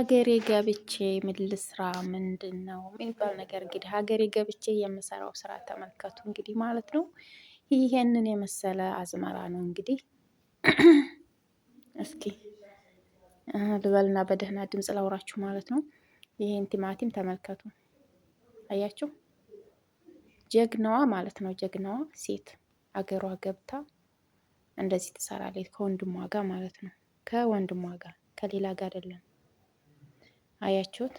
ሀገሬ ገብቼ ምን ልስራ ምንድን ነው የሚባል ነገር እንግዲህ ሀገሬ ገብቼ የምሰራው ስራ ተመልከቱ እንግዲህ ማለት ነው። ይሄንን የመሰለ አዝመራ ነው እንግዲህ እስኪ ልበልና በደህና ድምፅ ላውራችሁ ማለት ነው። ይሄን ቲማቲም ተመልከቱ አያችሁ፣ ጀግናዋ ማለት ነው ጀግናዋ ሴት አገሯ ገብታ እንደዚህ ትሰራለች ከወንድሟ ጋር ማለት ነው። ከወንድሟ ጋር ከሌላ ጋር አይደለም። አያችሁት?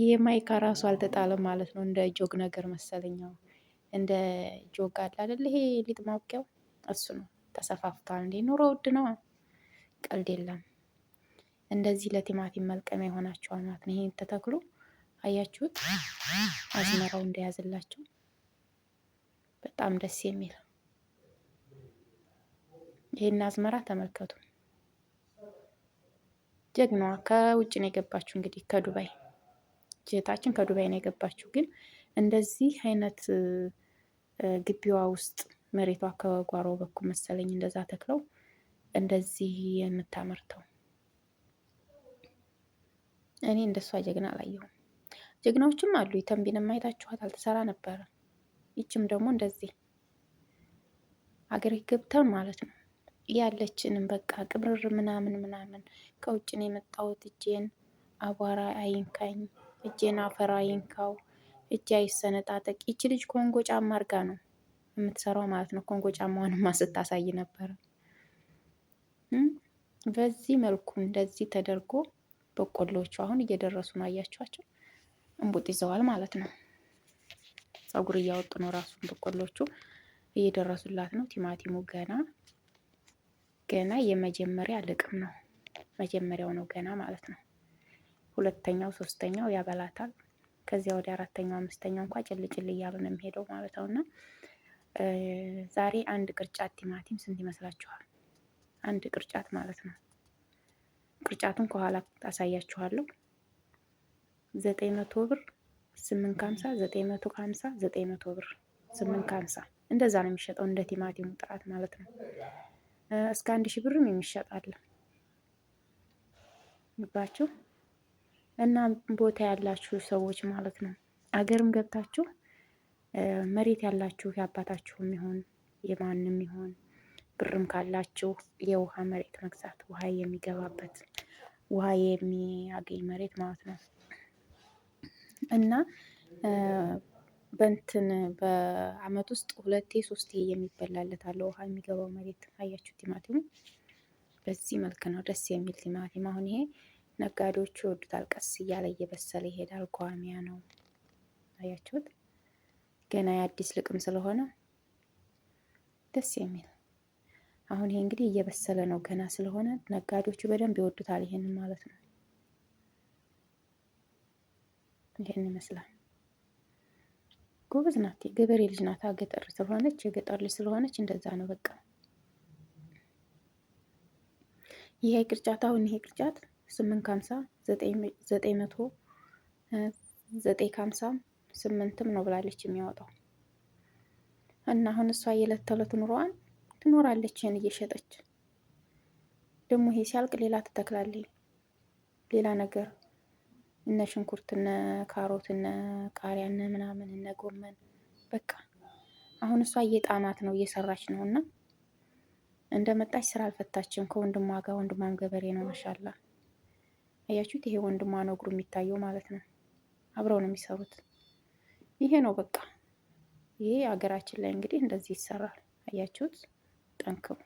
ይህ ማይካ ራሱ አልተጣለም ማለት ነው። እንደ ጆግ ነገር መሰለኛው እንደ ጆግ አለ አይደል? ይሄ ሊጥ ማውቂያው እሱ ነው። ተሰፋፍቷል እንዴ! ኑሮ ውድ ነው። ቀልድ የለም። እንደዚህ ለቲማቲም መልቀሚያ የሆናቸዋል ማለት ነው። ይሄን ተተክሎ አያችሁት? አዝመራው እንደያዝላቸው በጣም ደስ የሚል ይህን አዝመራ ተመልከቱ። ጀግናዋ ከውጭ ነው የገባችው። እንግዲህ ከዱባይ ጀታችን ከዱባይ ነው የገባችው። ግን እንደዚህ አይነት ግቢዋ ውስጥ መሬቷ ከጓሮ በኩል መሰለኝ እንደዛ ተክለው እንደዚህ የምታመርተው እኔ እንደሷ ጀግና አላየሁም። ጀግናዎችም አሉ። የተንቢን ማየታችኋት አልተሰራ ነበረ። ይችም ደግሞ እንደዚህ አገሬ ገብተን ማለት ነው ያለችንም በቃ ቅብርር ምናምን ምናምን ከውጭን የመጣሁት እጄን አቧራ አይንካኝ፣ እጄን አፈር አይንካው፣ እጅ አይሰነጣጠቅ። ይቺ ልጅ ኮንጎ ጫማ አርጋ ነው የምትሰራው ማለት ነው። ኮንጎ ጫማዋንማ ስታሳይ ነበረ። በዚህ መልኩ እንደዚህ ተደርጎ በቆሎቹ አሁን እየደረሱ ነው። አያችኋቸው? እንቡጥ ይዘዋል ማለት ነው። ፀጉር እያወጡ ነው ራሱን። በቆሎቹ እየደረሱላት ነው። ቲማቲሙ ገና ገና የመጀመሪያ ልቅም ነው። መጀመሪያው ነው ገና ማለት ነው። ሁለተኛው፣ ሶስተኛው ያበላታል። ከዚያ ወደ አራተኛው፣ አምስተኛው እንኳ ጭልጭል እያሉ ነው የሚሄደው ማለት ነው። እና ዛሬ አንድ ቅርጫት ቲማቲም ስንት ይመስላችኋል? አንድ ቅርጫት ማለት ነው። ቅርጫቱን ከኋላ አሳያችኋለሁ። ዘጠኝ መቶ ብር፣ ስምንት ከሀምሳ፣ ዘጠኝ መቶ ከሀምሳ፣ ዘጠኝ መቶ ብር፣ ስምንት ከሀምሳ እንደዛ ነው የሚሸጠው እንደ ቲማቲሙ ጥራት ማለት ነው። እስከ አንድ ሺህ ብርም የሚሸጣለ ይባችሁ እና ቦታ ያላችሁ ሰዎች ማለት ነው። አገርም ገብታችሁ መሬት ያላችሁ የአባታችሁም ይሆን የማንም ይሆን ብርም ካላችሁ የውሃ መሬት መግዛት ውሃ የሚገባበት ውሃ የሚያገኝ መሬት ማለት ነው እና በእንትን በአመት ውስጥ ሁለቴ ሶስቴ የሚበላለት አለ ውሃ የሚገባው መሬት። አያችሁ ቲማቲሙ በዚህ መልክ ነው ደስ የሚል ቲማቲም። አሁን ይሄ ነጋዴዎቹ ይወዱታል። ቀስ እያለ እየበሰለ ይሄዳል። ጓሚያ ነው አያችሁት። ገና የአዲስ ልቅም ስለሆነ ደስ የሚል አሁን ይሄ እንግዲህ እየበሰለ ነው ገና ስለሆነ ነጋዴዎቹ በደንብ ይወዱታል። ይሄንን ማለት ነው። ይሄን ይመስላል። ጎበዝ ናት። የገበሬ ልጅ ናት። ገጠር ስለሆነች የገጠር ልጅ ስለሆነች እንደዛ ነው በቃ። ይሄ ቅርጫት አሁን ይሄ ቅርጫት ስምንት ከሀምሳ ዘጠኝ መቶ ዘጠኝ ከሀምሳ ስምንትም ነው ብላለች የሚያወጣው እና አሁን እሷ የዕለት ተዕለት ኑሮዋን ትኖራለች። ይህን እየሸጠች ደግሞ ይሄ ሲያልቅ ሌላ ትተክላለች ሌላ ነገር እነ ሽንኩርት፣ እነ ካሮት፣ እነ ቃሪያ፣ እነ ምናምን፣ እነ ጎመን በቃ አሁን እሷ እየጣማት ነው እየሰራች ነው። እና እንደመጣች ስራ አልፈታችም ከወንድሟ ጋር። ወንድሟም ገበሬ ነው ማሻላ። አያችሁት? ይሄ ወንድሟ ነው እግሩ የሚታየው ማለት ነው። አብረው ነው የሚሰሩት። ይሄ ነው በቃ። ይሄ ሀገራችን ላይ እንግዲህ እንደዚህ ይሰራል። አያችሁት? ጠንክሩ።